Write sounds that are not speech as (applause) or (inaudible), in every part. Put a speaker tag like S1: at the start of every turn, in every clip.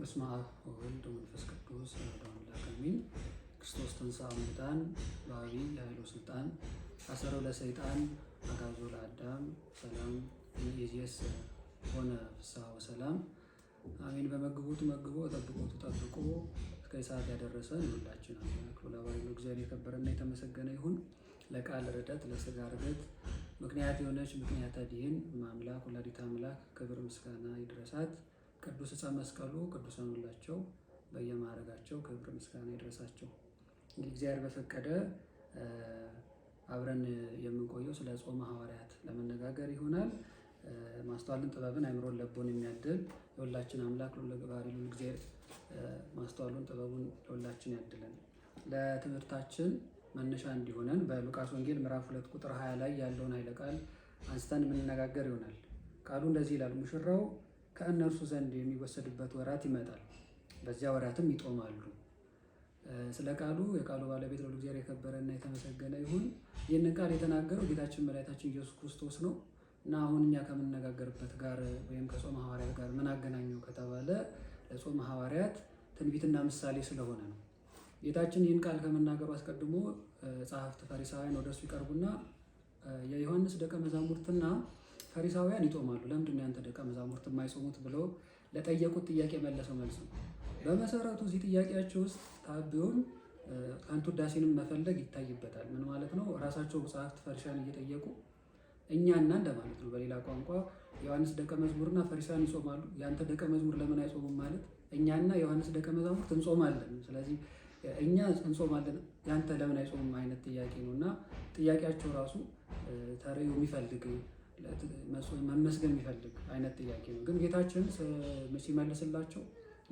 S1: በስመ አብ ወወልድ ወመንፈስ ቅዱስ አሐዱ አምላክ አሜን። ክርስቶስ ተንሥአ እሙታን በዐቢይ ኃይል ወሥልጣን አሰሮ ለሰይጣን አግዓዞ ለአዳም ሰላም ኢይእዜሰ ኮነ ፍስሐ ወሰላም አሜን። በመግቡት ትመግቦ ጠብቆቱ ጠብቆ እስከ ሰዓት ያደረሰን ሁላችን አምላክ ላባሪ እግዚአብሔር የከበረና የተመሰገነ ይሁን። ለቃል ርደት ለስጋ ርደት ምክንያት የሆነች ምክንያት ዲህን ማምላክ ወላዲተ አምላክ ክብር ምስጋና ይድረሳት። ቅዱስ ዕፀ መስቀሉ ቅዱሳን ሁላቸው በየማዕረጋቸው ክብር ምስጋና ይድረሳቸው። እንግዲህ እግዚአብሔር በፈቀደ አብረን የምንቆየው ስለ ጾመ ሐዋርያት ለመነጋገር ይሆናል። ማስተዋልን ጥበብን አይምሮን ለቦን የሚያድል የሁላችን አምላክ ሉ ለግባሪ ሉ እግዚአብሔር ማስተዋሉን ጥበቡን ለሁላችን ያድለን። ለትምህርታችን መነሻ እንዲሆነን በሉቃስ ወንጌል ምዕራፍ ሁለት ቁጥር 20 ላይ ያለውን ኃይለ ቃል አንስተን የምንነጋገር ይሆናል። ቃሉ እንደዚህ ይላል ሙሽራው ከእነርሱ ዘንድ የሚወሰድበት ወራት ይመጣል፣ በዚያ ወራትም ይጦማሉ። ስለ ቃሉ የቃሉ ባለቤት ለሁሉ እግዚአብሔር የከበረና የተመሰገነ ይሁን። ይህንን ቃል የተናገረው ጌታችን መድኃኒታችን ኢየሱስ ክርስቶስ ነው እና አሁን እኛ ከምንነጋገርበት ጋር ወይም ከጾመ ሐዋርያት ጋር ምን አገናኘው ከተባለ ለጾመ ሐዋርያት ትንቢትና ምሳሌ ስለሆነ ነው። ጌታችን ይህን ቃል ከመናገሩ አስቀድሞ ጸሐፍት ፈሪሳውያን ወደሱ ይቀርቡና የዮሐንስ ደቀ መዛሙርትና ፈሪሳውያን ይጦማሉ፣ ለምንድን ነው ያንተ ደቀ መዛሙርት የማይጾሙት ብለው ለጠየቁት ጥያቄ መለሰው መልስ ነው። በመሰረቱ እዚህ ጥያቄያቸው ውስጥ ታቢውን ከንቱ ውዳሴንም መፈለግ ይታይበታል። ምን ማለት ነው? ራሳቸው ጸሐፍት ፈሪሳን እየጠየቁ እኛና እንደማለት ነው። በሌላ ቋንቋ ዮሐንስ ደቀ መዝሙርና ፈሪሳን ይጾማሉ፣ ያንተ ደቀ መዝሙር ለምን አይጾሙም? ማለት እኛና ዮሐንስ ደቀ መዛሙርት እንጾማለን፣ ስለዚህ እኛ እንጾማለን፣ ያንተ ለምን አይጾምም አይነት ጥያቄ ነው እና ጥያቄያቸው ራሱ ተረዩ የሚፈልግ መመስገን የሚፈልግ አይነት ጥያቄ ነው። ግን ጌታችን ሲመልስላቸው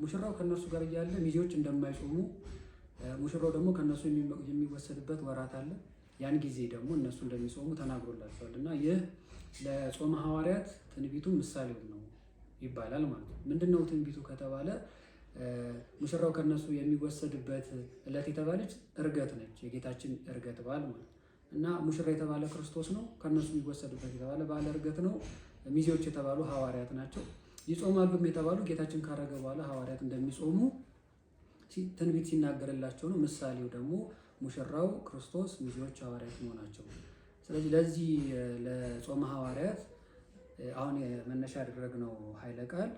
S1: ሙሽራው ከእነርሱ ጋር እያለ ሚዜዎች እንደማይጾሙ ሙሽራው ደግሞ ከእነሱ የሚወሰድበት ወራት አለ። ያን ጊዜ ደግሞ እነሱ እንደሚጾሙ ተናግሮላቸዋል እና ይህ ለጾመ ሐዋርያት ትንቢቱ ምሳሌው ነው ይባላል ማለት ነው። ምንድን ነው ትንቢቱ ከተባለ ሙሽራው ከእነሱ የሚወሰድበት ዕለት የተባለች እርገት ነች። የጌታችን እርገት በዓል ማለት ነው። እና ሙሽራ የተባለ ክርስቶስ ነው። ከእነሱ የሚወሰድበት የተባለ ባለ እርገት ነው። ሚዜዎች የተባሉ ሐዋርያት ናቸው። ይጾማሉም የተባሉ ጌታችን ካረገ በኋላ ሐዋርያት እንደሚጾሙ ትንቢት ሲናገርላቸው ነው። ምሳሌው ደግሞ ሙሽራው ክርስቶስ፣ ሚዜዎች ሐዋርያት መሆናቸው። ስለዚህ ለዚህ ለጾመ ሐዋርያት አሁን መነሻ ያደረግነው ኃይለ ቃል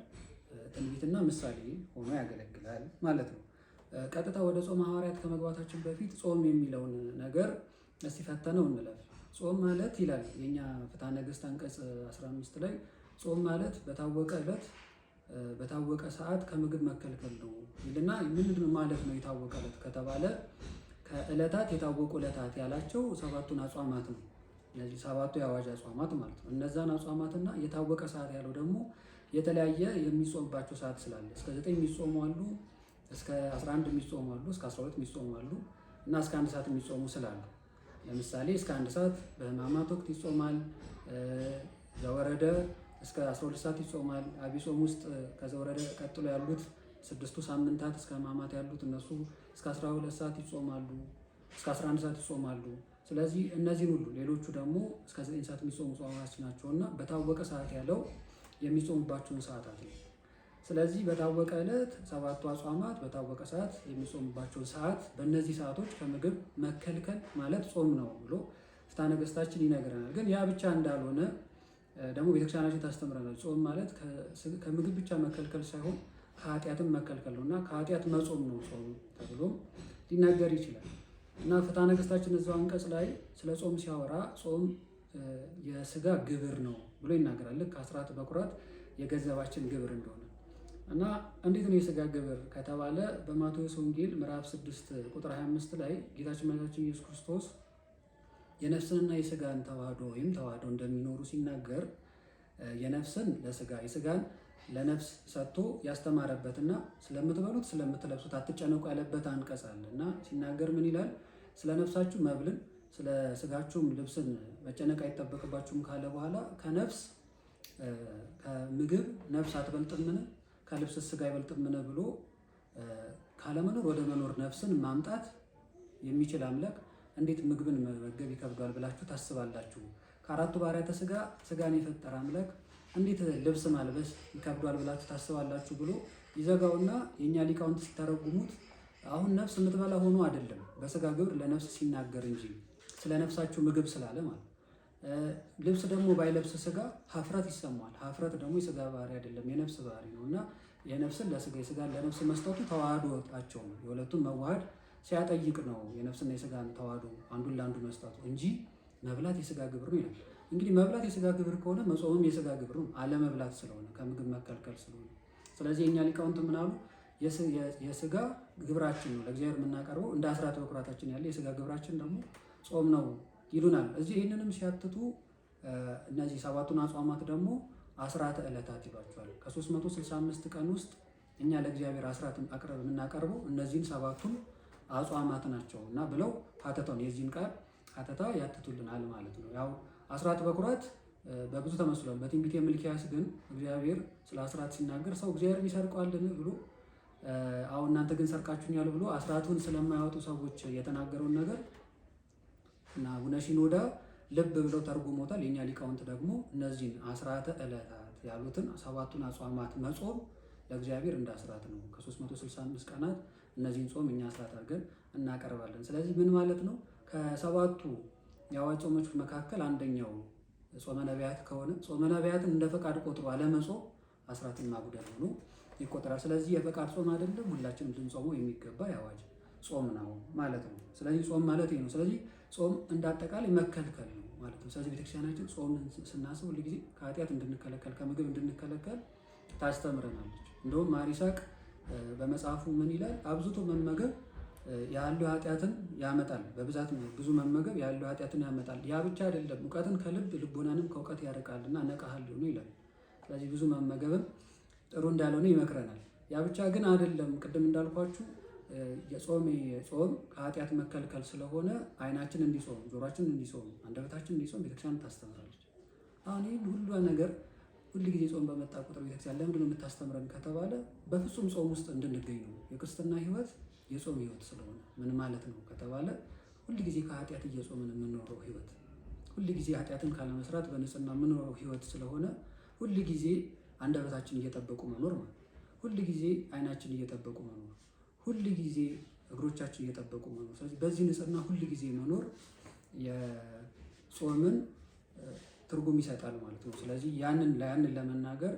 S1: ትንቢትና ምሳሌ ሆኖ ያገለግላል ማለት ነው። ቀጥታ ወደ ጾመ ሐዋርያት ከመግባታችን በፊት ጾም የሚለውን ነገር እስቲ ፈተነው እንላል። ጾም ማለት ይላል የኛ ፍትሐ ነገሥት አንቀጽ 15 ላይ ጾም ማለት በታወቀ ዕለት በታወቀ ሰዓት ከምግብ መከልከል ነው ይልና ምንድን ነው ማለት ነው የታወቀ ዕለት ከተባለ ከዕለታት የታወቁ ዕለታት ያላቸው ሰባቱን አጽዋማት ነው። እነዚህ ሰባቱ የአዋጅ አጽዋማት ማለት ነው። እነዛን አጽዋማትና የታወቀ ሰዓት ያለው ደግሞ የተለያየ የሚጾምባቸው ሰዓት ስላለ እስከ 9 የሚጾሙ አሉ፣ እስከ 11 የሚጾሙ አሉ፣ እስከ 12 የሚጾሙ አሉ እና እስከ አንድ ሰዓት የሚጾሙ ስላሉ ለምሳሌ እስከ አንድ ሰዓት በህማማት ወቅት ይጾማል። ዘወረደ እስከ 12 ሰዓት ይጾማል። አብይ ጾም ውስጥ ከዘወረደ ቀጥሎ ያሉት ስድስቱ ሳምንታት እስከ ህማማት ያሉት እነሱ እስከ 12 ሰዓት ይጾማሉ፣ እስከ 11 ሰዓት ይጾማሉ። ስለዚህ እነዚህን ሁሉ ሌሎቹ ደግሞ እስከ 9 ሰዓት የሚጾሙ ጾማች ናቸው እና በታወቀ ሰዓት ያለው የሚጾሙባቸውን ሰዓታት ነው። ስለዚህ በታወቀ ዕለት ሰባቱ አጽዋማት በታወቀ ሰዓት የሚጾሙባቸው ሰዓት በእነዚህ ሰዓቶች ከምግብ መከልከል ማለት ጾም ነው ብሎ ፍትሐ ነገሥታችን ይነግረናል። ግን ያ ብቻ እንዳልሆነ ደግሞ ቤተክርስቲያናችን ታስተምረናል። ጾም ማለት ከምግብ ብቻ መከልከል ሳይሆን ከኃጢአትም መከልከል ነው እና ከኃጢአት መጾም ነው ጾም ተብሎም ሊነገር ይችላል እና ፍትሐ ነገሥታችን እዛው አንቀጽ ላይ ስለ ጾም ሲያወራ ጾም የስጋ ግብር ነው ብሎ ይናገራል። ልክ አስራት በኩራት የገንዘባችን ግብር እንደሆነ እና እንዴት ነው የስጋ ግብር ከተባለ በማቴዎስ ወንጌል ምዕራፍ 6 ቁጥር 25 ላይ ጌታችን መድኃኒታችን ኢየሱስ ክርስቶስ የነፍስንና የሥጋን ተዋህዶ ወይም ተዋህዶ እንደሚኖሩ ሲናገር የነፍስን ለሥጋ የሥጋን ለነፍስ ሰጥቶ ያስተማረበትና ስለምትበሉት ስለምትለብሱት አትጨነቁ ያለበት አንቀጽ አለ እና ሲናገር ምን ይላል? ስለ ነፍሳችሁ መብልን ስለ ሥጋችሁም ልብስን መጨነቅ አይጠበቅባችሁም ካለ በኋላ ከነፍስ ከምግብ ነፍስ አትበልጥምን? ከልብስ ስጋ አይበልጥምን ብሎ ካለመኖር ወደ መኖር ነፍስን ማምጣት የሚችል አምላክ እንዴት ምግብን መመገብ ይከብዷል ብላችሁ ታስባላችሁ? ከአራቱ ባህርያተ ስጋ ስጋን የፈጠረ አምላክ እንዴት ልብስ ማልበስ ይከብዷል ብላችሁ ታስባላችሁ ብሎ ይዘጋውና የእኛ ሊቃውንት ሲተረጉሙት አሁን ነፍስ የምትበላ ሆኖ አይደለም በስጋ ግብር ለነፍስ ሲናገር እንጂ ስለ ነፍሳችሁ ምግብ ስላለ ማለት ልብስ ደግሞ ባይለብስ ስጋ ሀፍረት ይሰማዋል። ሀፍረት ደግሞ የስጋ ባህሪ አይደለም፣ የነፍስ ባህሪ ነው እና የነፍስን ለስጋ የስጋን ለነፍስ መስጠቱ ተዋህዶታቸው ነው። የሁለቱን መዋሃድ ሲያጠይቅ ነው የነፍስና የስጋን ተዋህዶ አንዱን ለአንዱ መስጠቱ እንጂ መብላት የስጋ ግብር ነው ይላል። እንግዲህ መብላት የስጋ ግብር ከሆነ መጾምም የስጋ ግብር ነው፣ አለመብላት ስለሆነ ከምግብ መከልከል ስለሆነ። ስለዚህ የእኛ ሊቃውንት ምናሉ የስጋ ግብራችን ነው ለእግዚአብሔር የምናቀርበው እንደ አስራት በኩራታችን ያለ የስጋ ግብራችን ደግሞ ጾም ነው ይሉናል። እዚህ ይህንንም ሲያትቱ እነዚህ ሰባቱን አጽዋማት ደግሞ አስራተ ዕለታት ይሏቸዋል። ከ365 ቀን ውስጥ እኛ ለእግዚአብሔር አስራት አቅርብ የምናቀርበው እነዚህን ሰባቱን አጽዋማት ናቸው እና ብለው ሀተታውን የዚህን ቃል ሀተታ ያትቱልናል ማለት ነው። ያው አስራት በኩራት በብዙ ተመስሏል። በትንቢት ሚልክያስ ግን እግዚአብሔር ስለ አስራት ሲናገር ሰው እግዚአብሔር ይሰርቀዋልን ብሎ አሁን እናንተ ግን ሰርቃችሁኛል ብሎ አስራቱን ስለማያወጡ ሰዎች የተናገረውን ነገር ናቡነሽኖዳ ልብ ብለው ተርጉሞታል። የኛ ሊቃውንት ደግሞ እነዚህን አስራተ ዕለታት ያሉትን ሰባቱን አጽዋማት መጾም ለእግዚአብሔር እንደ አስራት ነው። ከ365 ቀናት እነዚህን ጾም እኛ አስራት አድርገን እናቀርባለን። ስለዚህ ምን ማለት ነው? ከሰባቱ የአዋጅ ጾሞች መካከል አንደኛው ጾመ ነቢያት ከሆነ ጾመ ነቢያትን እንደ ፈቃድ ቆጥሮ አለመጾም አስራትን ማጉደል ሆኖ ይቆጠራል። ስለዚህ የፈቃድ ጾም አይደለም፣ ሁላችንም ልንጾመው የሚገባ የአዋጅ ጾም ነው ማለት ነው። ስለዚህ ጾም ማለት ይሄ ነው። ስለዚህ ጾም እንዳጠቃላይ መከልከል ነው ማለት ነው። ስለዚህ ቤተክርስቲያናችን ጾምን ስናስብ ሁልጊዜ ከኃጢአት እንድንከለከል ከምግብ እንድንከለከል ታስተምረናለች። እንደውም ማሪሳቅ በመጽሐፉ ምን ይላል? አብዝቶ መመገብ ያሉ ኃጢአትን ያመጣል፣ በብዛት ብዙ መመገብ ያሉ ኃጢአትን ያመጣል። ያ ብቻ አይደለም፣ እውቀትን ከልብ ልቦናንም ከእውቀት ያርቃልና ነቃሃል ሊሆኑ ይላል። ስለዚህ ብዙ መመገብም ጥሩ እንዳልሆነ ይመክረናል። ያ ብቻ ግን አይደለም። ቅድም እንዳልኳችሁ የጾም የጾም ከኃጢአት መከልከል ስለሆነ አይናችን እንዲጾም፣ ጆሮችን እንዲጾም፣ አንደበታችን እንዲጾም ቤተክርስቲያን ታስተምራለች። አሁን ይህን ሁሉ ነገር ሁል ጊዜ ጾም በመጣ ቁጥር ቤተክርስቲያን ለምንድን ነው የምታስተምረን ከተባለ በፍጹም ጾም ውስጥ እንድንገኝ ነው። የክርስትና ህይወት የጾም ህይወት ስለሆነ ምን ማለት ነው ከተባለ ሁል ጊዜ ከኃጢአት እየጾምን የምንኖረው ህይወት ሁል ጊዜ ኃጢአትን ካለመስራት በንጽህና የምንኖረው ህይወት ስለሆነ ሁል ጊዜ አንደበታችን እየጠበቁ መኖር ማለት ሁል ጊዜ አይናችን እየጠበቁ መኖር ሁል ጊዜ እግሮቻችን እየጠበቁ መኖር። ስለዚህ በዚህ ንጽህና ሁል ጊዜ መኖር የጾምን ትርጉም ይሰጣል ማለት ነው። ስለዚህ ያንን ያንን ለመናገር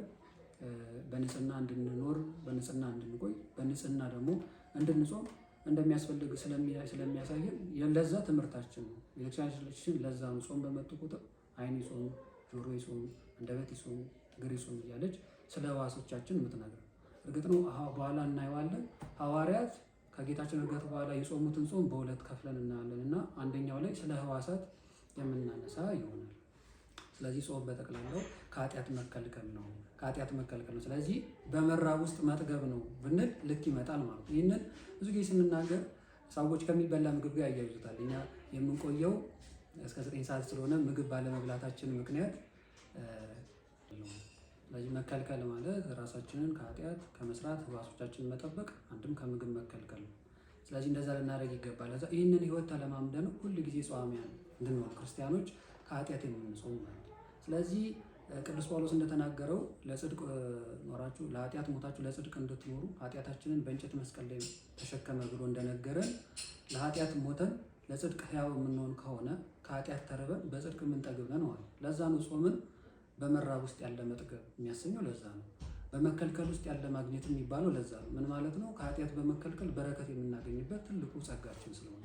S1: በንጽህና እንድንኖር፣ በንጽህና እንድንቆይ፣ በንጽህና ደግሞ እንድንጾም እንደሚያስፈልግ ስለሚያሳየን ለዛ ትምህርታችን ነው ቤተክርስቲያናችን። ለዛ ነው ጾም በመጡ ቁጥር አይን ይጾም፣ ጆሮ ይጾም፣ አንደበት ይጾም፣ እግር ይጾም እያለች ስለ ሕዋሶቻችን የምትነግረን እርግጥ ነው በኋላ እናየዋለን። ሐዋርያት ከጌታችን እርገት በኋላ የጾሙትን ጾም በሁለት ከፍለን እናያለን እና አንደኛው ላይ ስለ ህዋሳት የምናነሳ ይሆናል። ስለዚህ ጾም በጠቅላላው ከኃጢአት መከልከል ነው፣ ከኃጢአት መከልከል ነው። ስለዚህ በመራብ ውስጥ መጥገብ ነው ብንል ልክ ይመጣል ማለት ነው። ይህንን ብዙ ጊዜ ስንናገር ሰዎች ከሚበላ ምግብ ጋር ያያይዙታል። እኛ የምንቆየው እስከ ዘጠኝ ሰዓት ስለሆነ ምግብ ባለመብላታችን ምክንያት ስለዚህ መከልከል ማለት ራሳችንን ከኃጢአት ከመስራት ሕዋሶቻችንን መጠበቅ አንድም ከምግብ መከልከል ነው። ስለዚህ እንደዛ ልናደርግ ይገባል። ዛ ይህንን ህይወት ተለማምደ ሁል ጊዜ ጸዋሚያን እንድንሆን ክርስቲያኖች ከኃጢአት የምንጾም ማለት። ስለዚህ ቅዱስ ጳውሎስ እንደተናገረው ለጽድቅ ኖራችሁ ለኃጢአት ሞታችሁ ለጽድቅ እንድትኖሩ ኃጢአታችንን በእንጨት መስቀል ላይ ተሸከመ ብሎ እንደነገረን ለኃጢአት ሞተን ለጽድቅ ህያው የምንሆን ከሆነ ከኃጢአት ተርበን በጽድቅ የምንጠግብ ነን ለዛ ነው ጾምን በመራብ ውስጥ ያለ መጥገብ የሚያሰኘው ለዛ ነው። በመከልከል ውስጥ ያለ ማግኘት የሚባለው ለዛ ነው። ምን ማለት ነው? ከኃጢአት በመከልከል በረከት የምናገኝበት ትልቁ ጸጋችን ስለሆነ፣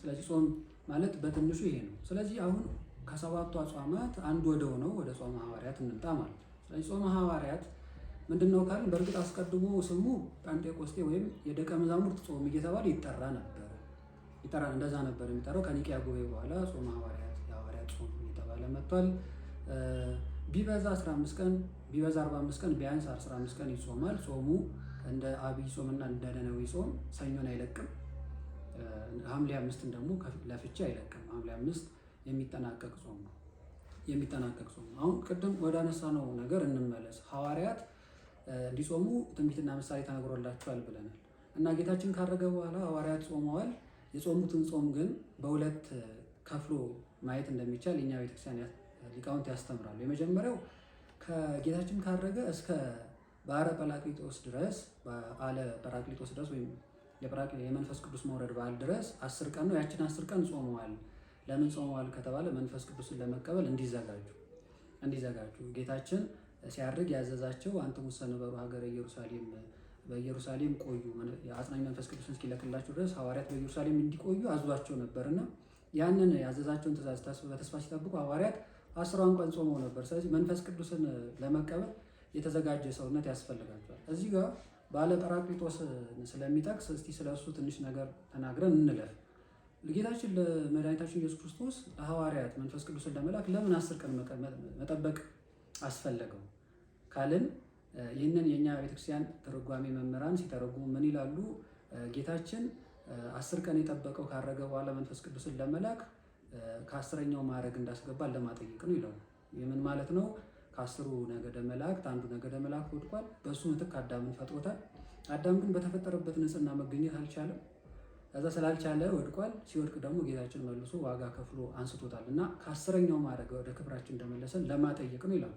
S1: ስለዚህ ጾም ማለት በትንሹ ይሄ ነው። ስለዚህ አሁን ከሰባቱ አጽዋማት አንዱ ወደ ሆነው ወደ ጾመ ሐዋርያት እንምጣ ማለት ነው። ስለዚህ ጾመ ሐዋርያት ምንድን ነው ካልን፣ በእርግጥ አስቀድሞ ስሙ ጴንጤቆስጤ ወይም የደቀ መዛሙርት ጾም እየተባለ ይጠራ ነበር ይጠራ እንደዛ ነበር የሚጠራው። ከኒቅያ ጉባኤ በኋላ ጾመ ሐዋርያት የሐዋርያት ጾም እየተባለ መጥቷል። ቢበዛ 15 ቀን ቢበዛ 45 ቀን ቢያንስ 15 ቀን ይጾማል። ጾሙ እንደ አብይ ጾምና እንደ ነነዌ ጾም ሰኞን አይለቅም። ሐምሌ አምስትን ደግሞ ለፍቼ አይለቅም። ሐምሌ አምስት የሚጠናቀቅ ጾም ነው የሚጠናቀቅ ጾም ነው። አሁን ቅድም ወደ አነሳ ነው ነገር እንመለስ። ሐዋርያት እንዲጾሙ ትንቢትና ምሳሌ ተነግሮላቸዋል ብለናል እና ጌታችን ካረገ በኋላ ሐዋርያት ጾመዋል። የጾሙትን ጾም ግን በሁለት ከፍሎ ማየት እንደሚቻል የኛ ቤተክርስቲያን ሊቃውንት ያስተምራሉ። የመጀመሪያው ከጌታችን ካረገ እስከ ባረ ጰራቅሊጦስ ድረስ በዓለ ጰራቅሊጦስ ድረስ ወይም የመንፈስ ቅዱስ መውረድ በዓል ድረስ አስር ቀን ነው። ያችን አስር ቀን ጾመዋል። ለምን ጾመዋል ከተባለ መንፈስ ቅዱስን ለመቀበል እንዲዘጋጁ እንዲዘጋጁ ጌታችን ሲያርግ ያዘዛቸው አንትሙሰ ነበሩ ሀገረ ኢየሩሳሌም በኢየሩሳሌም ቆዩ፣ አጽናኝ መንፈስ ቅዱስን እስኪለክላቸው ድረስ ሐዋርያት በኢየሩሳሌም እንዲቆዩ አዟቸው ነበርና ያንን ያዘዛቸውን ትእዛዝ በተስፋ ሲጠብቁ ሐዋርያት አስሯን ቀን ጾመው ነበር። ስለዚህ መንፈስ ቅዱስን ለመቀበል የተዘጋጀ ሰውነት ያስፈልጋቸዋል። እዚህ ጋር ባለ ጰራቅሊጦስ ስለሚጠቅስ እስቲ ስለ እሱ ትንሽ ነገር ተናግረን እንለፍ። ጌታችን ለመድኃኒታችን ኢየሱስ ክርስቶስ ለሐዋርያት መንፈስ ቅዱስን ለመላክ ለምን አስር ቀን መጠበቅ አስፈለገው ካልን ይህንን የእኛ ቤተክርስቲያን ተረጓሚ መምህራን ሲተረጉ ምን ይላሉ? ጌታችን አስር ቀን የጠበቀው ካረገ በኋላ መንፈስ ቅዱስን ለመላክ ከአስረኛው ማዕረግ እንዳስገባ ለማጠየቅ ነው ይለው። የምን ማለት ነው? ከአስሩ ነገደ መላእክት አንዱ ነገደ መላእክት ወድቋል። በእሱ ምትክ አዳምን ፈጥሮታል። አዳም ግን በተፈጠረበት ንጽሕና መገኘት አልቻለም። ከዛ ስላልቻለ ወድቋል። ሲወድቅ ደግሞ ጌታችን መልሶ ዋጋ ከፍሎ አንስቶታል እና ከአስረኛው ማድረግ ወደ ክብራችን እንደመለሰን ለማጠየቅ ነው ይላል።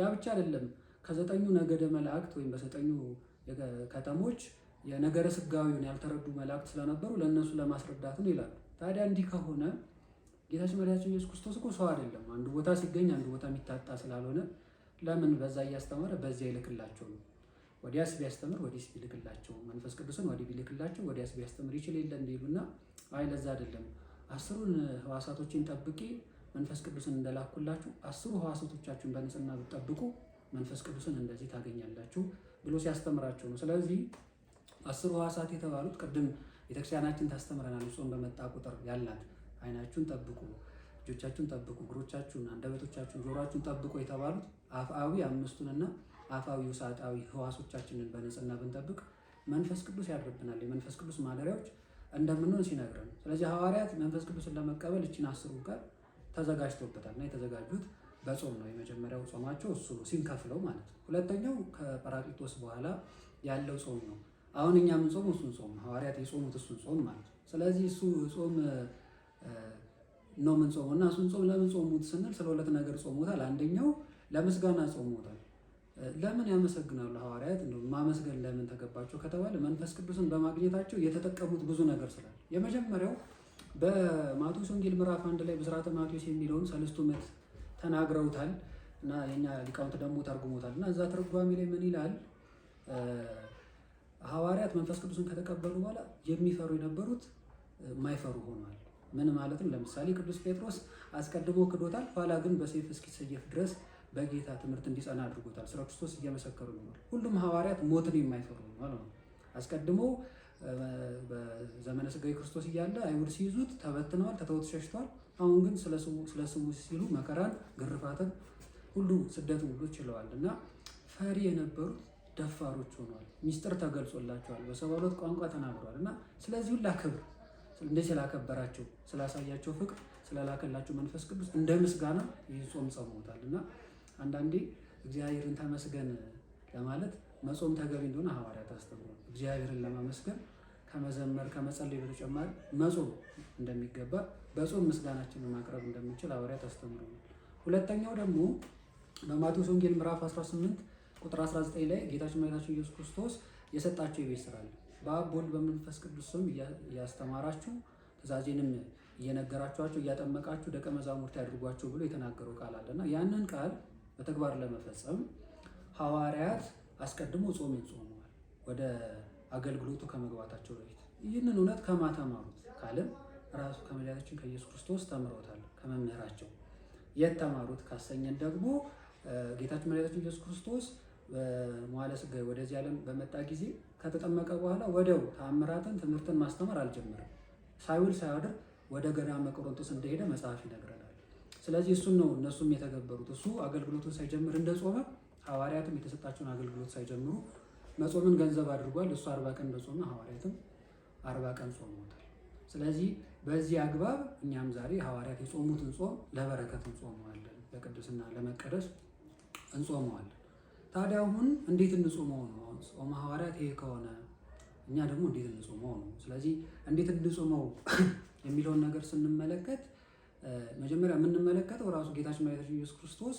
S1: ያ ብቻ አይደለም። ከዘጠኙ ነገደ መላእክት ወይም በዘጠኙ ከተሞች የነገረ ስጋዊውን ያልተረዱ መላእክት ስለነበሩ ለእነሱ ለማስረዳት ነው ይላል። ታዲያ እንዲህ ከሆነ ጌታችን መድኃኒታችን ኢየሱስ ክርስቶስ እኮ ሰው አይደለም። አንዱ ቦታ ሲገኝ አንዱ ቦታ የሚታጣ ስላልሆነ ለምን በዛ እያስተማረ በዚያ ይልክላቸው ነው? ወዲያስ ቢያስተምር ወዲስ ቢልክላቸው መንፈስ ቅዱስን ወዲህ ቢልክላቸው ወዲያስ ቢያስተምር ይችል የለ እንዲሉና አይ ለዛ አይደለም አስሩን ህዋሳቶችን ጠብቄ መንፈስ ቅዱስን እንደላኩላችሁ አስሩ ህዋሳቶቻችሁን በንጽህና ብትጠብቁ መንፈስ ቅዱስን እንደዚህ ታገኛላችሁ ብሎ ሲያስተምራቸው ነው። ስለዚህ አስሩ ህዋሳት የተባሉት ቅድም ቤተክርስቲያናችን ታስተምረናል። ጾም በመጣ ቁጥር ያላት አይናችሁን ጠብቁ፣ እጆቻችሁን ጠብቁ፣ እግሮቻችሁን፣ አንደበቶቻችሁን፣ ጆሮአችሁን ጠብቁ የተባሉት አፋዊ አምስቱንና አፋዊ ውሳጣዊ ህዋሶቻችንን በንጽህና ብንጠብቅ መንፈስ ቅዱስ ያድርብናል። የመንፈስ ቅዱስ ማደሪያዎች እንደምንሆን ሲነግረን፣ ስለዚህ ሐዋርያት መንፈስ ቅዱስን ለመቀበል እችን አስሩ ቃል ተዘጋጅተውበታል እና የተዘጋጁት በጾም ነው። የመጀመሪያው ጾማቸው እሱ ነው ሲንከፍለው ማለት ነው። ሁለተኛው ከጰራቅሊጦስ በኋላ ያለው ጾም ነው። አሁን እኛ ምን ጾም እሱን ጾም ሐዋርያት የጾሙት እሱን ጾም ማለት ነው። ስለዚህ እሱ ጾም ነው ምን ጾመው እና እሱን ጾም ለምን ጾሙት ስንል ስለ ሁለት ነገር ጾሙታል። አንደኛው ለምስጋና ጾሙታል። ለምን ያመሰግናሉ ሐዋርያት? እንደው ማመስገን ለምን ተገባቸው ከተባለ መንፈስ ቅዱስን በማግኘታቸው የተጠቀሙት ብዙ ነገር ስላለ፣ የመጀመሪያው በማቴዎስ ወንጌል ምዕራፍ አንድ ላይ ብስራተ ማቴዎስ የሚለውን ሰለስቱ ምዕት ተናግረውታል እና የኛ ሊቃውንት ደግሞ ተርጉሞታል እና እዛ ትርጓሜ ላይ ምን ይላል? ሐዋርያት መንፈስ ቅዱስን ከተቀበሉ በኋላ የሚፈሩ የነበሩት ማይፈሩ ሆኗል። ምን ማለትም ለምሳሌ ቅዱስ ጴጥሮስ አስቀድሞ ክዶታል፣ ኋላ ግን በሰይፍ እስኪሰየፍ ድረስ በጌታ ትምህርት እንዲጸና አድርጎታል። ስለ ክርስቶስ እየመሰከሩ ነው። ሁሉም ሐዋርያት ሞትን የማይፈሩ ማለት ነው። አስቀድሞ በዘመነ ስጋዊ ክርስቶስ እያለ አይሁድ ሲይዙት ተበትነዋል፣ ተተውት ሸሽተዋል። አሁን ግን ስለ ስሙ ሲሉ መከራን፣ ግርፋትን ሁሉ ስደት ሁሉ ችለዋል እና ፈሪ የነበሩት ደፋሮች ሆኗል። ሚስጥር ተገልጾላቸዋል። በሰባ ሁለት ቋንቋ ተናግሯል እና ስለዚህ ሁላ ክብር እንደ ስላከበራቸው ስላሳያቸው ፍቅር ስለላከላቸው መንፈስ ቅዱስ እንደ ምስጋና ይህን ጾም ጸሙታል እና አንዳንዴ እግዚአብሔርን ተመስገን ለማለት መጾም ተገቢ እንደሆነ ሐዋርያት አስተምሯል። እግዚአብሔርን ለማመስገን ከመዘመር ከመጸለይ በተጨማሪ መጾም እንደሚገባ በጾም ምስጋናችንን ማቅረብ እንደምንችል ሐዋርያት አስተምሯል። ሁለተኛው ደግሞ በማቴዎስ ወንጌል ምዕራፍ 18 ቁጥር 19 ላይ ጌታችን መድኃኒታችን ኢየሱስ ክርስቶስ የሰጣቸው የቤት ስራ አለ በአብ በወልድ በመንፈስ ቅዱስ ስም እያስተማራችሁ ትእዛዜንም እየነገራችኋቸው እያጠመቃችሁ ደቀ መዛሙርት ያድርጓቸው ብሎ የተናገረው ቃል አለና ያንን ቃል በተግባር ለመፈጸም ሐዋርያት አስቀድሞ ጾምን ጾመዋል፣ ወደ አገልግሎቱ ከመግባታቸው በፊት። ይህንን እውነት ከማተማሩት ካለም ራሱ ከመድኃኒታችን ከኢየሱስ ክርስቶስ ተምረውታል። ከመምህራቸው የተማሩት ካሰኘን ደግሞ ጌታችን መድኃኒታችን ኢየሱስ ክርስቶስ መዋለ ሥጋዌ ወደዚህ ዓለም በመጣ ጊዜ ከተጠመቀ በኋላ ወዲያው ተአምራትን ትምህርትን ማስተማር አልጀመረም። ሳይውል ሳያድር ወደ ገዳመ ቆሮንቶስ እንደሄደ መጽሐፍ ይነግረናል። ስለዚህ እሱን ነው እነሱም የተገበሩት። እሱ አገልግሎቱን ሳይጀምር እንደ ጾመ ሐዋርያትም የተሰጣቸውን አገልግሎት ሳይጀምሩ መጾምን ገንዘብ አድርጓል። እሱ አርባ ቀን እንደጾመ ሐዋርያትም አርባ ቀን ጾመውታል። ስለዚህ በዚህ አግባብ እኛም ዛሬ ሐዋርያት የጾሙትን ጾም ለበረከት እንጾመዋለን፣ ለቅድስና ለመቀደስ እንጾመዋለን። ታዲያ አሁን እንዴት እንጹም ነው? ጾመ ሐዋርያት ይሄ ከሆነ እኛ ደግሞ እንዴት እንጾመው ነው። ስለዚህ እንዴት እንጾመው (coughs) የሚለውን ነገር ስንመለከት መጀመሪያ የምንመለከተው ራሱ ጌታችን መድኃኒታችን ኢየሱስ ክርስቶስ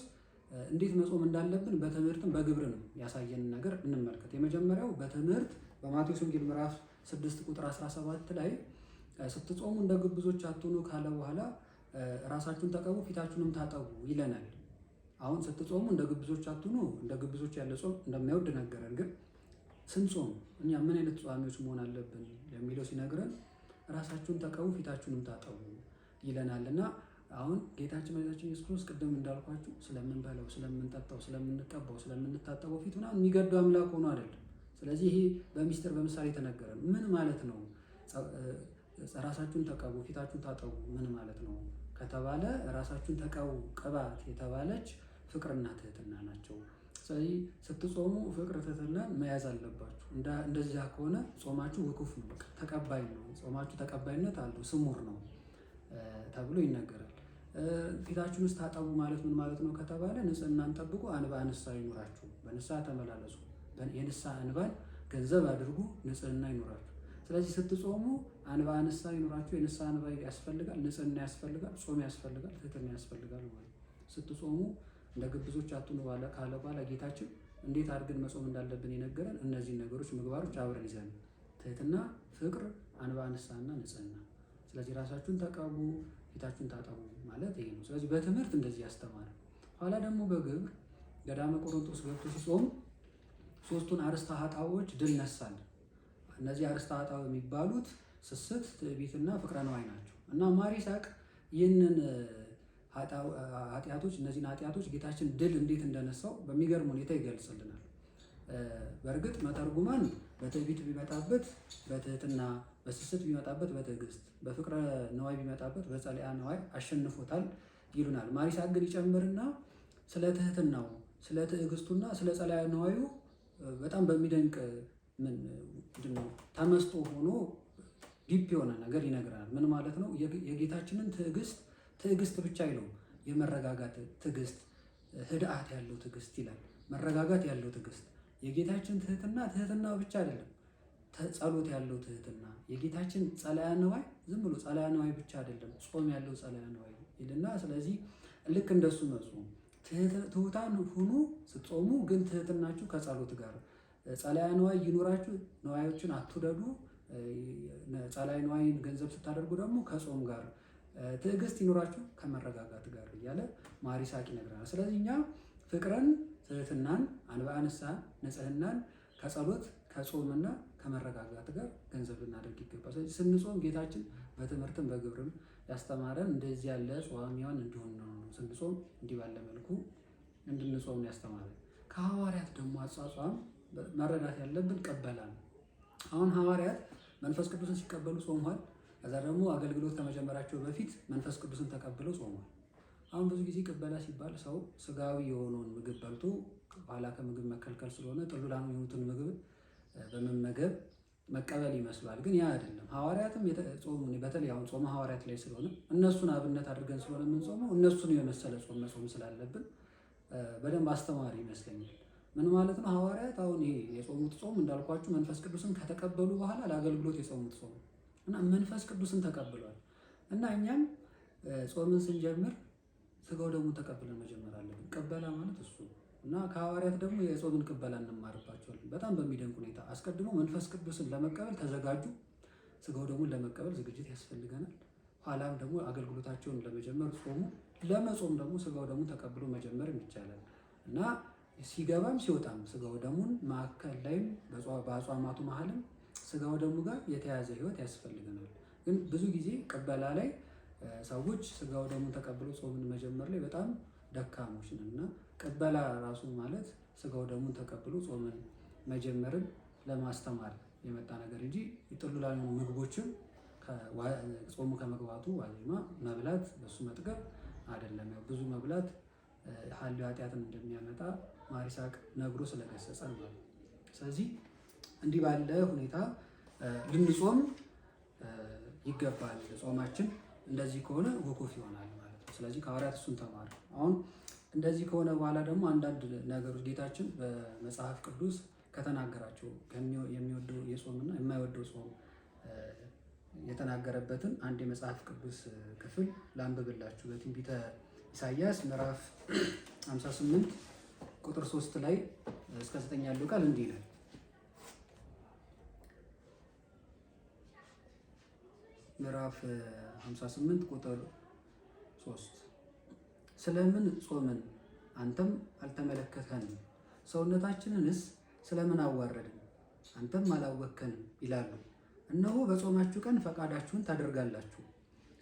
S1: እንዴት መጾም እንዳለብን በትምህርትም በግብርም ያሳየን ነገር እንመልከት። የመጀመሪያው በትምህርት በማቴዎስ ወንጌል ምዕራፍ 6 ቁጥር 17 ላይ ስትጾሙ እንደ ግብዞች አትሁኑ ካለ በኋላ ራሳችሁን ተቀቡ፣ ፊታችሁንም ታጠቡ ይለናል። አሁን ስትጾሙ እንደ ግብዞች አትኑ፣ እንደ ግብዞች ያለ ጾም እንደማይወድ ነገረን። ግን ስንጾም እኛ ምን አይነት ጿሚዎች መሆን አለብን የሚለው ሲነግረን ራሳችሁን ተቀቡ፣ ፊታችሁንም ታጠቡ ይለናል እና አሁን ጌታችን መድኃኒታችን ኢየሱስ ክርስቶስ ቅድም እንዳልኳችሁ ስለምንበላው፣ ስለምንጠጣው፣ ስለምንቀባው፣ ስለምንታጠበው ፊት ምናምን የሚገዱ አምላክ ሆኖ አይደለም። ስለዚህ ይሄ በሚስጥር በምሳሌ የተነገረ ምን ማለት ነው? ራሳችሁን ተቀቡ፣ ፊታችሁን ታጠቡ ምን ማለት ነው ከተባለ ራሳችሁን ተቀቡ ቅባት የተባለች ፍቅርና ትህትና ናቸው። ስለዚህ ስትጾሙ ፍቅር ትህትና መያዝ አለባችሁ። እንደዚያ ከሆነ ጾማችሁ ውኩፍ ነው፣ በቃ ተቀባይ ነው። ጾማችሁ ተቀባይነት አለው፣ ስሙር ነው ተብሎ ይነገራል። ፊታችሁን ውስጥ ታጠቡ ማለት ምን ማለት ነው ከተባለ ንጽህናን ጠብቁ፣ አንባ ንሳ ይኑራችሁ፣ በንሳ ተመላለሱ፣ የንሳ አንባን ገንዘብ አድርጉ፣ ንጽህና ይኑራችሁ። ስለዚህ ስትጾሙ አንባ አነሳ ይኑራችሁ፣ የንሳ አንባ ያስፈልጋል፣ ንጽህና ያስፈልጋል፣ ጾም ያስፈልጋል፣ ትህትና ያስፈልጋል ማለት ስትጾሙ እንደ ግብዞች አትኑ ባለ ካለ በኋላ ጌታችን እንዴት አድርገን መጾም እንዳለብን የነገረን እነዚህን ነገሮች ምግባሮች አብረን ይዘን ትህትና፣ ፍቅር፣ አንባ ንሳና ንጽህና። ስለዚህ ራሳችሁን ተቀቡ፣ ፊታችሁን ታጠቡ ማለት ይሄ ነው። ስለዚህ በትምህርት እንደዚህ ያስተማረ ኋላ ደግሞ በግብር ገዳመ ቆሮንቶስ ገብቶ ሲጾም ሶስቱን አርስታ ኃጣውዎች ድል ነሳል። እነዚህ አርስተ ኃጣው የሚባሉት ስስት፣ ትዕቢትና ፍቅረ ነዋይ ናቸው እና ማር ይስሐቅ ይህንን ኃጢአቶች እነዚህን ኃጢአቶች ጌታችን ድል እንዴት እንደነሳው በሚገርም ሁኔታ ይገልጽልናል። በእርግጥ መተርጉማን በትዕቢት ቢመጣበት በትህትና፣ በስስት ቢመጣበት በትዕግስት፣ በፍቅረ ነዋይ ቢመጣበት በጸሊያ ነዋይ አሸንፎታል ይሉናል። ማሪሳ ግን ይጨምርና ስለ ትህትናው፣ ስለ ትዕግስቱና ስለ ጸልአ ነዋዩ በጣም በሚደንቅ ተመስጦ ሆኖ ዲፕ የሆነ ነገር ይነግራል። ምን ማለት ነው? የጌታችንን ትዕግስት ትዕግስት ብቻ አይለውም። የመረጋጋት ትዕግስት፣ ህድአት ያለው ትዕግስት ይላል። መረጋጋት ያለው ትዕግስት የጌታችን ትህትና ትህትና ብቻ አይደለም። ጸሎት ያለው ትህትና የጌታችን ጸላያ ነዋይ ዝም ብሎ ጸላያ ነዋይ ብቻ አይደለም። ጾም ያለው ጸላያ ነዋይ ይልና ስለዚህ ልክ እንደሱ ነው ጾም። ሁኑ ስትጾሙ፣ ግን ትህትናችሁ ከጸሎት ጋር ጸላያ ነዋይ ይኖራችሁ ነዋዮችን አትውደዱ። ጸላያ ነዋይን ገንዘብ ስታደርጉ ደግሞ ከጾም ጋር ትዕግስት ይኖራችሁ ከመረጋጋት ጋር እያለ ማር ይስሐቅ ይነግረናል። ስለዚህ እኛ ፍቅርን፣ ትህትናን፣ አንሳ ንጽህናን ከጸሎት ከጾምና ከመረጋጋት ጋር ገንዘብ ልናደርግ ይገባል። ስለዚህ ስንጾም ጌታችን በትምህርትም በግብርም ያስተማረን እንደዚህ ያለ ጾሚያን እንዲሆን ነው። ስንጾም እንዲህ ባለ መልኩ እንድንጾም ያስተማረን። ከሐዋርያት ደግሞ አጻጻም መረዳት ያለብን ቀበላ ነው። አሁን ሐዋርያት መንፈስ ቅዱስን ሲቀበሉ ጾመዋል። ከዛ ደግሞ አገልግሎት ከመጀመራቸው በፊት መንፈስ ቅዱስን ተቀብለው ጾሟል። አሁን ብዙ ጊዜ ቅበላ ሲባል ሰው ስጋዊ የሆነውን ምግብ በልቶ በኋላ ከምግብ መከልከል ስለሆነ ጥሉላን የሆኑትን ምግብ በመመገብ መቀበል ይመስላል። ግን ያ አይደለም። ሐዋርያትም ጾሙ በተለይ አሁን ጾመ ሐዋርያት ላይ ስለሆነ እነሱን አብነት አድርገን ስለሆነ የምንጾመው እነሱን የመሰለ ጾም መጾም ስላለብን በደንብ አስተማሪ ይመስለኛል። ምን ማለት ነው? ሐዋርያት አሁን ይሄ የጾሙት ጾም እንዳልኳችሁ መንፈስ ቅዱስን ከተቀበሉ በኋላ ለአገልግሎት የጾሙት ጾም እና መንፈስ ቅዱስን ተቀብሏል። እና እኛም ጾምን ስንጀምር ስጋው ደግሞ ተቀብለን መጀመር አለብን። ቅበላ ማለት እሱ እና ከሐዋርያት ደግሞ የጾምን ቅበላ እንማርባቸዋለን። በጣም በሚደንቅ ሁኔታ አስቀድሞ መንፈስ ቅዱስን ለመቀበል ተዘጋጁ፣ ስጋው ደግሞ ለመቀበል ዝግጅት ያስፈልገናል። ኋላም ደግሞ አገልግሎታቸውን ለመጀመር ጾሙ ለመጾም ደግሞ ስጋው ደግሞ ተቀብሎ መጀመርም ይቻላል እና ሲገባም ሲወጣም ስጋው ደሙን ማዕከል ላይም በአጽዋማቱ መሀልም ስጋው ደሙ ጋር የተያዘ ህይወት ያስፈልገናል። ግን ብዙ ጊዜ ቅበላ ላይ ሰዎች ስጋው ደሙ ተቀብሎ ጾምን መጀመር ላይ በጣም ደካሞች ነን እና ቅበላ ራሱ ማለት ስጋው ደሙን ተቀብሎ ጾምን መጀመርን ለማስተማር የመጣ ነገር እንጂ ይጥሉላሉ ምግቦችን ጾሙ ከመግባቱ ዋዜማ መብላት በሱ መጥገብ አይደለም። ብዙ መብላት ሀል ኃጢአትን እንደሚያመጣ ማሪሳቅ ነግሮ ስለገሰጸን ማለት ነው። ስለዚህ እንዲህ ባለ ሁኔታ ልንጾም ይገባል። ጾማችን እንደዚህ ከሆነ ወኮፍ ይሆናል ማለት ነው። ስለዚህ ከሐዋርያት እሱን ተማር። አሁን እንደዚህ ከሆነ በኋላ ደግሞ አንዳንድ ነገሮች ጌታችን በመጽሐፍ ቅዱስ ከተናገራቸው የሚወደው የጾምና የማይወደው ጾም የተናገረበትን አንድ የመጽሐፍ ቅዱስ ክፍል ላንብብላችሁ። በትንቢተ ኢሳያስ ምዕራፍ 58 (clears throat) ቁጥር 3 ላይ እስከ 9 ያለው ቃል እንዲህ ይላል ምዕራፍ 58 ቁጥር 3 ስለምን ጾምን? አንተም አልተመለከተንም፣ ሰውነታችንንስ ስለምን አዋረድን? አንተም አላወከንም ይላሉ። እነሆ በጾማችሁ ቀን ፈቃዳችሁን ታደርጋላችሁ፣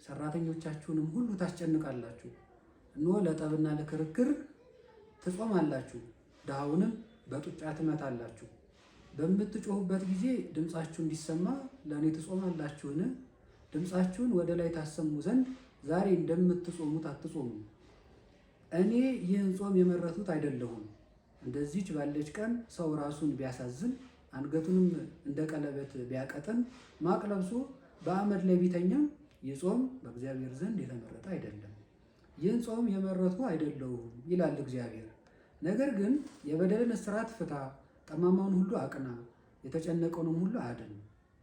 S1: ሰራተኞቻችሁንም ሁሉ ታስጨንቃላችሁ። እነሆ ለጠብና ለክርክር ትጾማላችሁ፣ ድሃውንም በጡጫ ትመታላችሁ። በምትጮሁበት ጊዜ ድምፃችሁ እንዲሰማ ለእኔ ትጾማላችሁን? ድምፃችሁን ወደ ላይ ታሰሙ ዘንድ ዛሬ እንደምትጾሙት አትጾሙ። እኔ ይህን ጾም የመረቱት አይደለሁም። እንደዚች ባለች ቀን ሰው ራሱን ቢያሳዝን አንገቱንም እንደ ቀለበት ቢያቀጥን ማቅ ለብሶ በአመድ ላይ ቢተኛ ይህ ጾም በእግዚአብሔር ዘንድ የተመረጠ አይደለም። ይህን ጾም የመረቱ አይደለሁም ይላል እግዚአብሔር። ነገር ግን የበደልን እስራት ፍታ፣ ጠማማውን ሁሉ አቅና፣ የተጨነቀውንም ሁሉ አድን፣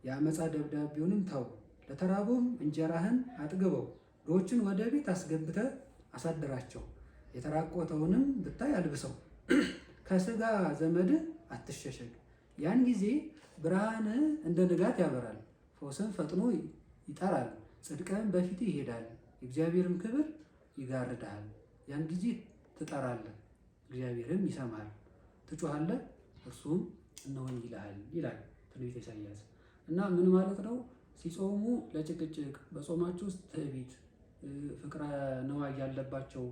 S1: የአመፃ ደብዳቤውንም ተው ለተራቡም እንጀራህን አጥግበው ድሆችን ወደ ቤት አስገብተህ አሳድራቸው። የተራቆተውንም ብታይ አልብሰው፣ (clears throat) ከስጋ ዘመድ አትሸሸግ። ያን ጊዜ ብርሃን እንደ ንጋት ያበራል፣ ፈውስን ፈጥኖ ይጠራል፣ ጽድቅህም በፊት ይሄዳል፣ የእግዚአብሔርም ክብር ይጋርድሃል። ያን ጊዜ ትጠራለህ፣ እግዚአብሔርም ይሰማል፣ ትጮሃለህ፣ እርሱም እነሆኝ ይልሃል ይላል ትንቢተ ኢሳይያስ እና ምን ማለት ነው? ሲጾሙ ለጭቅጭቅ በጾማችሁ ውስጥ ትዕቢት፣ ፍቅረ ነዋይ ያለባቸው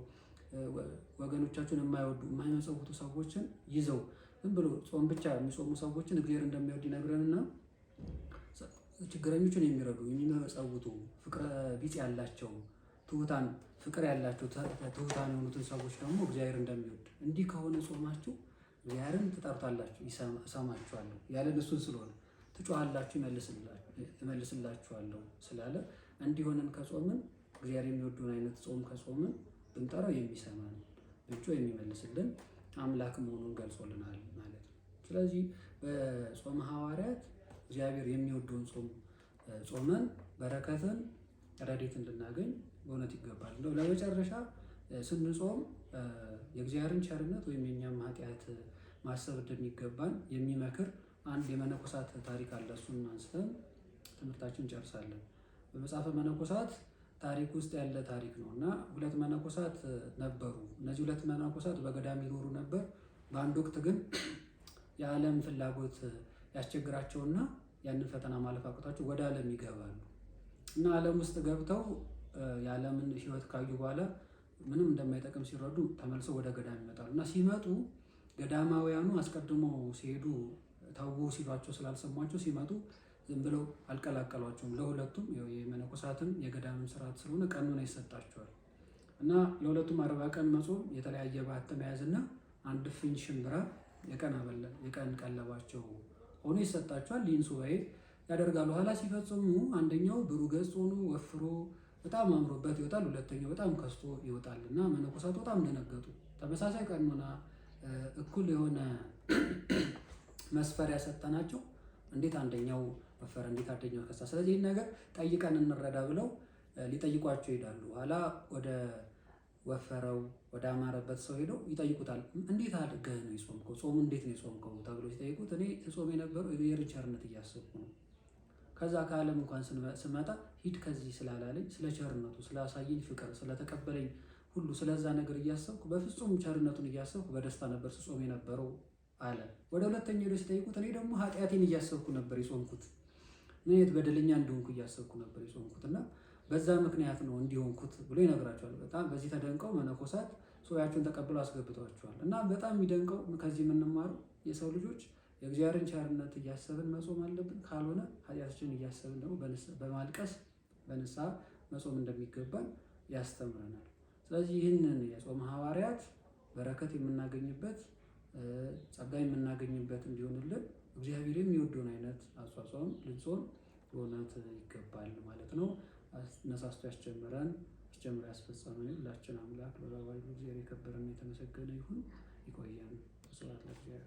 S1: ወገኖቻችሁን የማይወዱ የማይመጸውቱ ሰዎችን ይዘው ዝም ብሎ ጾም ብቻ የሚጾሙ ሰዎችን እግዚአብሔር እንደሚወድ ይነግረንና ችግረኞችን የሚረዱ የሚመጸውቱ፣ ፍቅረ ቢጽ ያላቸው ትሑታን ፍቅር ያላቸው ትሑታን የሆኑትን ሰዎች ደግሞ እግዚአብሔር እንደሚወድ እንዲህ ከሆነ ጾማችሁ እግዚአብሔርን ትጠሩታላችሁ፣ ይሰማችኋለሁ ያለን እሱን ስለሆነ ትጮሃላችሁ፣ ይመልስላችሁ እመልስላችኋለሁ ስላለ እንዲሆነን ከጾምን እግዚአብሔር የሚወደውን አይነት ጾም ከጾምን ብንጠራው የሚሰማን ምንጮ የሚመልስልን አምላክ መሆኑን ገልጾልናል ማለት ነው። ስለዚህ በጾመ ሐዋርያት እግዚአብሔር የሚወደውን ጾም ጾመን በረከትን ረዴት እንድናገኝ በእውነት ይገባል። እንደው ለመጨረሻ ስንጾም የእግዚአብሔርን ቸርነት ወይም የኛም ኃጢአት ማሰብ እንደሚገባን የሚመክር አንድ የመነኮሳት ታሪክ አለ። እሱን አንስተን ትምህርታችን እንጨርሳለን። በመጽሐፈ መነኮሳት ታሪክ ውስጥ ያለ ታሪክ ነው እና ሁለት መነኮሳት ነበሩ። እነዚህ ሁለት መነኮሳት በገዳም ይኖሩ ነበር። በአንድ ወቅት ግን የዓለም ፍላጎት ያስቸግራቸውና ያንን ፈተና ማለፍ አቅቷቸው ወደ ዓለም ይገባሉ እና ዓለም ውስጥ ገብተው የዓለምን ሕይወት ካዩ በኋላ ምንም እንደማይጠቅም ሲረዱ ተመልሰው ወደ ገዳም ይመጣሉ እና ሲመጡ ገዳማውያኑ አስቀድሞ ሲሄዱ ተው ሲሏቸው ስላልሰሟቸው ሲመጡ ዝም ብለው አልቀላቀሏቸውም። ለሁለቱም የመነኮሳትም የገዳምም ስርዓት ስለሆነ ቀኖና ይሰጣቸዋል እና ለሁለቱም አርባ ቀን መጾም የተለያየ ባተ መያዝና አንድ ፍኝ ሽምብራ የቀን አበለ የቀን ቀለባቸው ሆኖ ይሰጣቸዋል። ይህን ሱባኤ ያደርጋሉ። ኋላ ሲፈጽሙ አንደኛው ብሩ ገጽ ሆኖ ወፍሮ በጣም አምሮበት ይወጣል፣ ሁለተኛው በጣም ከስቶ ይወጣል እና መነኮሳቱ በጣም ደነገጡ። ተመሳሳይ ቀኖና እኩል የሆነ መስፈሪያ ሰጠናቸው። እንዴት አንደኛው ወፈረ እንዴት አደኛው ከሳ። ስለዚህ ይህን ነገር ጠይቀን እንረዳ ብለው ሊጠይቋቸው ይሄዳሉ። ኋላ ወደ ወፈረው ወደ አማረበት ሰው ሄደው ይጠይቁታል። እንዴት አድርገህ ነው የጾምከው? ጾሙ እንዴት ነው የጾምከው ተብሎ ሲጠይቁት እኔ ጾም የነበረው የእግዚአብሔርን ቸርነት እያሰብኩ ነው ከዛ ከዓለም እንኳን ስመጣ ሂድ ከዚህ ስላላለኝ ስለ ቸርነቱ ስላሳየኝ ፍቅር ስለተቀበለኝ ሁሉ ስለዛ ነገር እያሰብኩ በፍጹም ቸርነቱን እያሰብኩ በደስታ ነበር ስጾም የነበረው አለ። ወደ ሁለተኛው ሄዶ ሲጠይቁት እኔ ደግሞ ኃጢአቴን እያሰብኩ ነበር የጾምኩት ምን አይነት በደለኛ እንደሆንኩ እያሰብኩ ነበር የጾምኩት እና በዛ ምክንያት ነው እንዲሆንኩት ብሎ ይነግራቸዋል። በጣም በዚህ ተደንቀው መነኮሳት ሰውያቸውን ተቀብለው አስገብተዋቸዋል። እና በጣም የሚደንቀው ከዚህ የምንማሩ የሰው ልጆች የእግዚአብሔርን ቸርነት እያሰብን መጾም አለብን። ካልሆነ ሀያችን እያሰብን ደግሞ በማልቀስ በንስሐ መጾም እንደሚገባን ያስተምረናል። ስለዚህ ይህንን የጾም ሐዋርያት በረከት የምናገኝበት ጸጋ የምናገኝበት እንዲሆንልን እግዚአብሔር የሚወደውን አይነት አጽዋጽም ልንጾም በእውነት ይገባል ማለት ነው። ነሳስቶ ያስጀመረን አስጀምሮ ያስፈጸመን ሁላችን አምላክ በባባሉ እግዚአብሔር የከበረና የተመሰገነ ይሁን። ይቆየን። ስብሐት ለእግዚአብሔር።